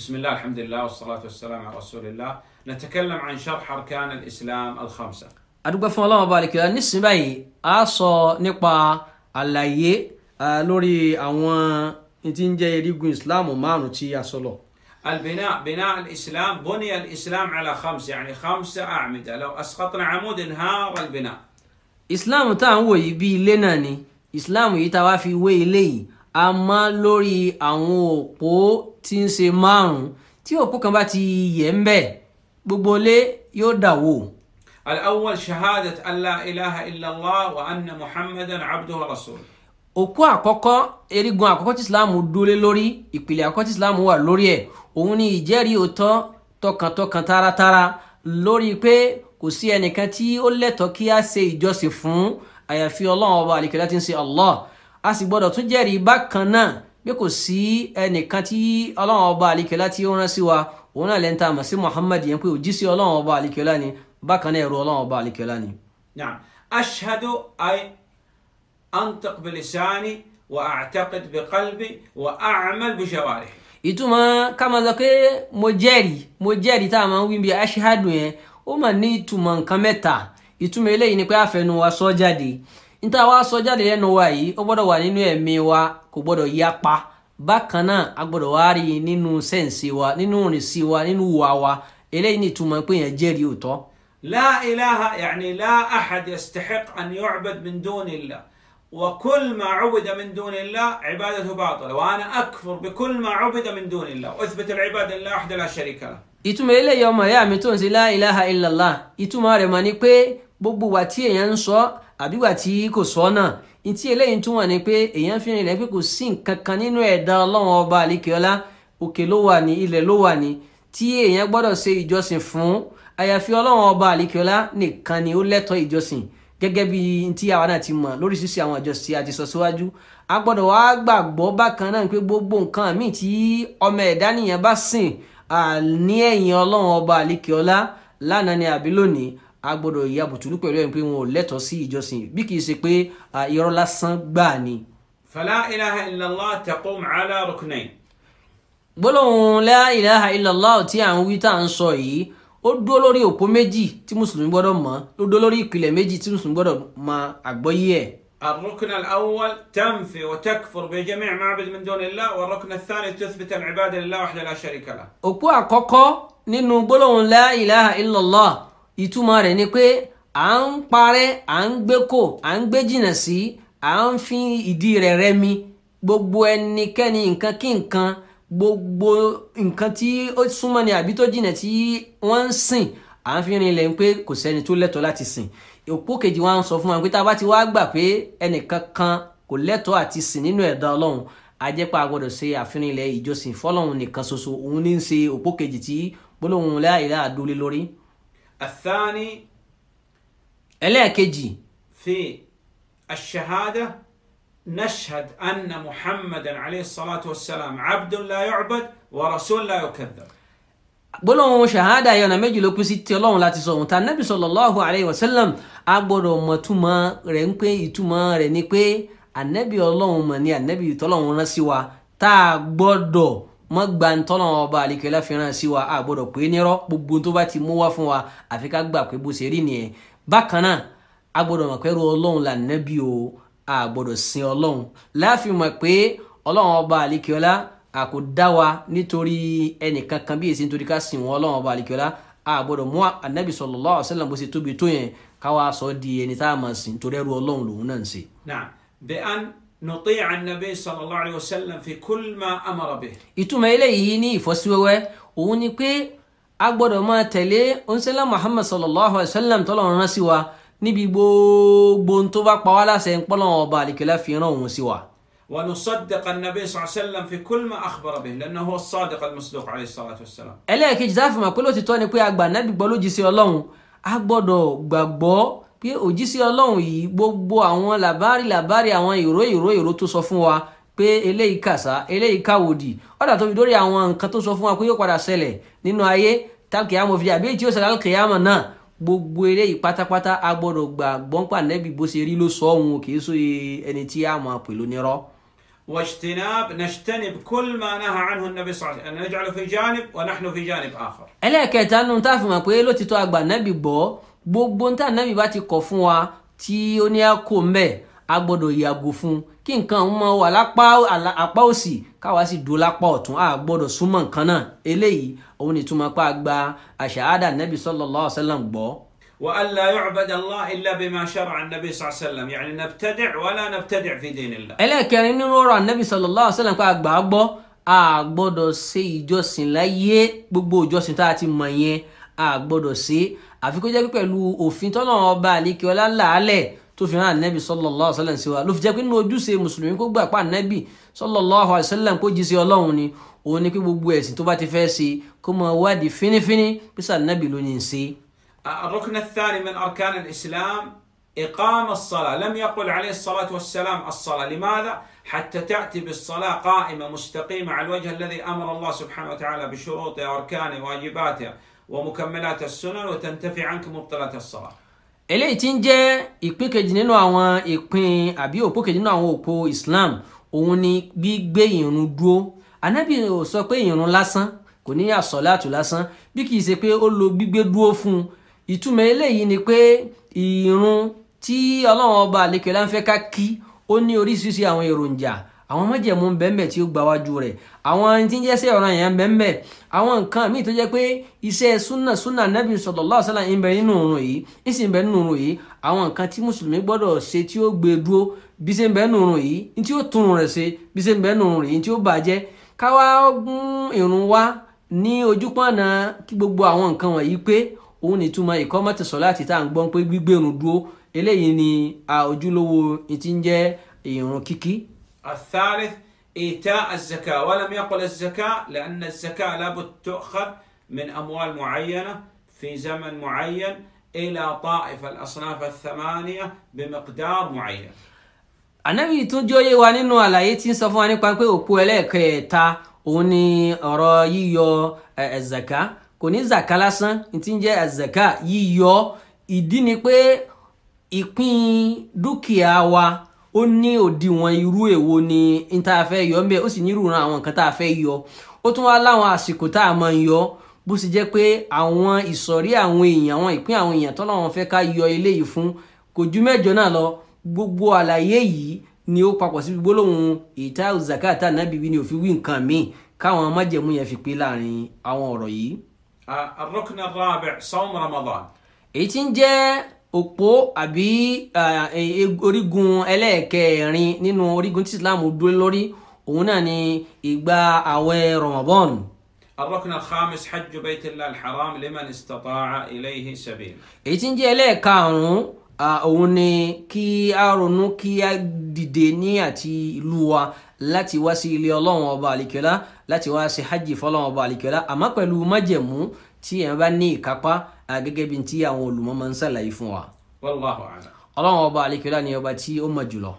بسم الله الحمد لله والصلاة والسلام على رسول الله نتكلم عن شرح أركان الإسلام الخمسة adúgbò fún ọlọ́run ọba àlekèrè nísìnyí báyìí a sọ nípa àlàyé lórí àwọn tí ń jẹ́ erigun islam márùn البناء بناء الإسلام بني الإسلام على خمس يعني خمسة أعمدة لو أسقطنا عمود انهار البناء. إسلام tá هو ń wò yìí bí ilé àmọ́ lórí àwọn òpó tí ń ṣe márùn-ún tí òpó kan bá ti yẹ̀ ń bẹ̀ gbogbo ilé yóò dà wò. al-awwal shahadat allah ilaha illallah wa anna muhammadan abduhu wa rasul. òpó àkọ́kọ́ erigun àkọ́kọ́ tí islam dúlé lórí ìpìlẹ̀ àkọ́kọ́ tí islam wà lórí ẹ̀ òun ni ìjẹ́rìí òótọ́ tọkàntọkàn taratara lórí pé kò sí ẹnìkan tí ó lẹ́tọ̀ọ́ kí a ṣe ìjọsìn fún àyàfi ọlọ́run ọba àlìkẹ́lá tí ń ṣe allah a sì gbọ́dọ̀ tún jẹ́rìí bákan náà bí kò sí ẹnìkan tí ọlọ́run ọba àlekèlá tí ó rán sí wa òun náà lẹ́ńtà mọ̀ sí muhammad yẹn pé òjíṣẹ́ ọlọ́run ọba àlekèlá ni bákan náà ẹ̀rọ ọlọ́run ọba àlekèlá ni. ashhadu ay antaq bilisani wa a'taqid biqalbi wa a'mal bijawarih. ìtumọ̀ ká sọ pé mo jẹ́rìí mo jẹ́rìí tá a máa ń wí bí yẹn ó mà ní ìtumọ̀ nǹkan mẹ́ta ìtumọ̀ eléyìí ni pé àfẹnu sọ jáde níta wá sọ jáde lẹ́nu wa yìí ó gbọ́dọ̀ wà nínú ẹ̀mí wa kò gbọ́dọ̀ yapa bákan náà a gbọ́dọ̀ wá rí i nínú sẹ́ǹsì wa nínú ìrìnsì wa nínú ìwà wa eléyìí ni ìtumọ̀ pé yẹn jẹ́rìí òótọ́. la ilaha yani la ahad yastahiq an yu'bad min dunillah وكل ما عبد من دون الله عبادته باطلة وأنا أكفر بكل ما عبد من دون الله وأثبت العبادة لله وحده لا شريك له ìtumọ̀ eléyìí ọmọ ìyá mi tó ń ṣe la ilaha illallah ìtumọ̀ àbígbà tí kò sọ náà ntí eléyìí túmọ̀ ni pé èèyàn fi rìnlẹ̀ pé kò sí nǹkan kan nínú ẹ̀dá ọlọ́run ọba àlekèọ́lá òkè ló wà ní ilẹ̀ ló wà ní tí èèyàn gbọ́dọ̀ ṣe ìjọsìn fún àyàfi ọlọ́run ọba àlekèọ́lá nìkan ni ó lẹ́tọ̀ọ́ ìjọsìn gẹ́gẹ́ bí tí àwa náà ti mọ̀ lóríṣiríṣi àwọn ìjọsìn àti sọ síwájú a gbọ́dọ̀ wá gbàgbọ́ bákan náà pé gbogbo nǹkan míì tí ọmọ ẹ̀dá nìyẹn bá sìn àní ẹ̀yìn ọlọ́run ọba àlekèọ́lá lánàá ni àbí lónìí a gbọ́dọ̀ ya bùtùlù pẹ̀lú ẹni pé wọn ò lẹ́tọ̀ọ́ sí ìjọsìn bí kì í ṣe pé irọ́ lásán gbáà ni. fala ilaha illallah taqum ala ruknayn. gbólóhùn la ilaha illallah tí à ń wí tá à ń sọ yìí ó dúró lórí òpó méjì tí mùsùlùmí gbọ́dọ̀ mọ̀ ó dúró lórí ìpìlẹ̀ méjì tí mùsùlùmí gbọ́dọ̀ mọ àgbọ́yé ẹ̀. الركن الأول تنفي وتكفر بجميع معبد من دون الله والركن الثاني تثبت العبادة لله وحده لا شريك له. òpó àkọ́kọ́ nínú لا إله إلا الله ìtumọ̀ rẹ̀ ni pé à ń parẹ́ à ń gbé kò à ń gbé jìnnà sí à ń fi ìdí rẹ̀ rẹmi gbogbo ẹnikẹ́ni nǹkan kí nǹkan gbogbo nǹkan tí ó súnmọ́ ni àbí tó jìnnà tí wọ́n ń sìn à ń fi rinlẹ̀ pé kò sẹ́ni tó lẹ́tọ̀ọ́ láti sìn òpó kejì wa ń sọ fún wa pé tá a bá gbà pé ẹnìkan kan kò lẹ́tọ̀ọ́ àti sìn nínú ẹ̀dá ọlọ́run ajẹ́pá gbọ́dọ̀ ṣe àfihàn ilẹ̀ ìjọsìn fọlọ́run nìkan ṣoṣo òun ní ṣe òpó kejì tí gbólóhùn láìláàdúlé lórí. الثاني ẹlẹ́ẹ̀kejì في الشهادة نشهد أن محمدا عليه الصلاة والسلام عبد لا يعبد ورسول لا يكذب gbólóhùn ṣahada yẹn ọ̀nà méjì ló pín sí ti ọlọ́run láti sọ ohun ta nẹ́bí sallallahu alayhi wa sallam a gbọ́dọ̀ mọ̀ túmọ̀ rẹ̀ ń pé ìtumọ̀ rẹ̀ ni pé ànẹ́bí ọlọ́run mọ̀ ní ànẹ́bí ìtọ́lọ́run rán sí wa tá a gbọ́dọ̀ mọ́ gba ntọ́nà ọba àlekèlá fìràn sí wa a gbọ́dọ̀ pé nírọ́ gbogbo tó bá ti mú wá fún wa àfi ká gbà pé bó ṣe rí nìyẹn bákan náà a gbọ́dọ̀ mọ̀ pé ru ọlọ́run là nẹ́bí o a gbọ́dọ̀ sin ọlọ́run láàfin mọ̀ pé ọlọ́run ọba àlekèlá a kò dá wa nítorí ẹnìkan kan bí èsì nítorí ká sìn wọn ọlọ́run ọba àlekèlá a gbọ́dọ̀ mú anabi sallallahu the an نطيع النبي صلى الله عليه وسلم في كل ما أمر به ìtumọ̀ eléyìí ní ìfọ́síwẹ́wẹ́ òun ni pé a gbọ́dọ̀ máa tẹ̀lé oníṣẹ́lá muhammad sallallahu alayhi wa sallam tọ́lọ̀ rán sí wa níbi gbogbo tó bá pa wá láṣẹ ń pọ́lọ́ ọba àlìkẹ́lá fi rán òun sí wa. ونصدق النبي صلى الله عليه وسلم في كل ما أخبر به لأنه هو الصادق المصدوق عليه الصلاة والسلام. ẹlẹ́ẹ̀kejì tá a fi mọ̀ pé lóòtítọ́ ni pé a gbà nábì gbọ́ lójì sí ọlọ́run a gbọ́dọ̀ gbàgbọ́ pé òjíṣẹ́ ọlọ́run yìí gbogbo àwọn làbárì làbárì àwọn ìró ìró ìró tó sọ fún wa pé eléyìí kàsá eléyìí káwòdì ọ̀dà tó fi dórí àwọn nǹkan tó sọ fún wa pé yóò padà ṣẹlẹ̀ nínú ayé tálkìyàmọ̀ fi àbí tí ó ṣẹlẹ̀ tálkìyàmọ̀ náà gbogbo eléyìí pátápátá a gbọ́dọ̀ gbà gbọ́npà nẹ́bí bó ṣe rí ló sọ òun kì í sọ ẹni tí a máa pè lónírọ́. كل ما نهى عنه النبي صلى نجعله في جانب ونحن في جانب آخر. ẹlẹ́ẹ̀kẹta nù tá a fi mọ̀ pé ló ti tó àgbà nẹ́bí gbọ́ gbogbo ní tànàbí bá ti kọ̀ fún wa tí ó ní àkó mbẹ́ a gbọ́dọ̀ yàgò fún kí nǹkan mọ wà lápá àpá òsì káwa sì dúró lápá ọ̀tún a gbọ́dọ̀ súnmọ́ nǹkan náà eléyìí òun ni túmọ̀ pa gba àṣàádà nàbì sallallahu alaihi wasallam gbọ́. وألا يعبد الله إلا بما شرع النبي صلى الله عليه وسلم يعني نبتدع ولا نبتدع في دين الله. nínú ọ̀rọ̀ ànábì sallallahu alaihi wasallam kó gbà á gbọ́ a gbọ́dọ̀ ṣe ìjọsìn láyé gbogbo ìjọsìn tá a ti mọ̀ yẹn a gbọ́dọ̀ ṣe àfi kó jẹ́ pé pẹ̀lú òfin tọ́nà ọba ki ọlá làálẹ̀ tó fi ran nabi sallallahu alaihi wasallam sí wa ló fi jẹ́ pé nínú se muslimin kó gbà pa nabi sallallahu alaihi wasallam kó jí sí ọlọ́run ni òun ni kí gbogbo ẹ̀sìn tó bá ti fẹ́ si kó mọ fini fini bí sa nabi ló ní í الركن الثاني من أركان الإسلام إقام الصلاة لم يقل عليه الصلاة والسلام الصلاة لماذا؟ حتى تأتي بالصلاة قائمة مستقيمة على الوجه الذي أمر الله سبحانه وتعالى بشروطه وأركانه وواجباته ومكملات السنن وتنتفي عنك مبطلات الصلاة eléyìí tí ń jẹ́ ìpín kejì nínú àwọn ìpín àbí òpó kejì nínú àwọn òpó Islam òun ni gbígbé ìrun dúró anábì ò sọ pé ìrun lásán kò ní àsọ̀láàtù lásán bí kìí ṣe pé ó lo gbígbé dúró fún un ìtumọ̀ eléyìí ni pé ìrun tí ọlọ́run ọba àlekèlá ń fẹ́ ká kí ó ní oríṣiríṣi àwọn èròjà àwọn mọ̀jẹ̀mú bẹ́ẹ̀nbẹ́ tí ó gba wájú rẹ̀ àwọn tí ń jẹ́sẹ̀ ọ̀ràn yẹn bẹ́ẹ̀nbẹ́ àwọn nǹkan míì tó jẹ́ pé iṣẹ́ súnà súnà nẹ́bí sallallahu alaihi wasallam ń bẹ nínú òrùn yìí ń sì ń bẹ nínú òrùn yìí àwọn nǹkan tí mùsùlùmí gbọ́dọ̀ ṣe tí ó gbé dúró bí ṣe ń bẹ nínú òrùn yìí ní tí ó tún rẹ̀ ṣe bí ṣe ń bẹ nínú òrùn yìí ní tí ó bàjẹ́ káwá gún ìrun wá ní ojúpọ̀nà الثالث إيتاء الزكاة ولم يقل الزكاة لأن الزكاة لابد تؤخذ من أموال معينة في زمن معين إلى طائف الأصناف الثمانية بمقدار معين النبي توجو يواني نوالا يتين صفواني قوانكو يوكو إليك إيتاء وني رأيي الزكاة كوني زكاة لسان إنتين جاء الزكاة ييو إديني كوي إقين دوكي awa ó ní òdiwọ̀n irú èwo ni n tá a fẹ́ yọ ńbẹ ó sì ní ìrùran àwọn nǹkan tá a fẹ́ yọ ó tún wá láwọn àsìkò tá a máa ń yọ bó sì jẹ́ pé àwọn ìsọ̀rí àwọn èèyàn àwọn ìpín àwọn èèyàn tọ́lọ́ wọn fẹ́ ká yọ eléyìí fún kò ju mẹ́jọ náà lọ gbogbo àlàyé yìí ni ó papọ̀ sí gbólóhùn ìta zakata nàbí wí ni òfin wí nǹkan míì káwọn májẹ̀mú yẹn fi pé láàrin àwọn ọ̀rọ̀ yìí. a rukn ar-rabi' sawm ramadan. èyí tí ń jẹ́ òpó àbí e, e, orígun ẹlẹ́ẹ̀kẹrin nínú orígun tí Islam dúró lórí òun náà ni ìgbà àwẹ̀ Ramadan. الركن الخامس حج بيت الله الحرام لمن استطاع إليه سبيل èyí tí ń jẹ́ ẹlẹ́ẹ̀karùn-ún òun ni kí a ronú kí a dìde ní àti ìlú wa láti wá sí ilé ọlọ́run ọba àlìkẹ́lá láti wá sí hajj fọlọ́run ọba àlìkẹ́lá àmọ́ pẹ̀lú májẹ̀mú tí èèyàn bá ní ìkápá Ah, gẹ́gẹ́ bí ti àwọn olùmọ̀ máa ń ṣàlàyé fún wa. Wallahu a'lam. ọlọ́run ọba àlekèlá ni ọba tí ó mọ̀ jùlọ.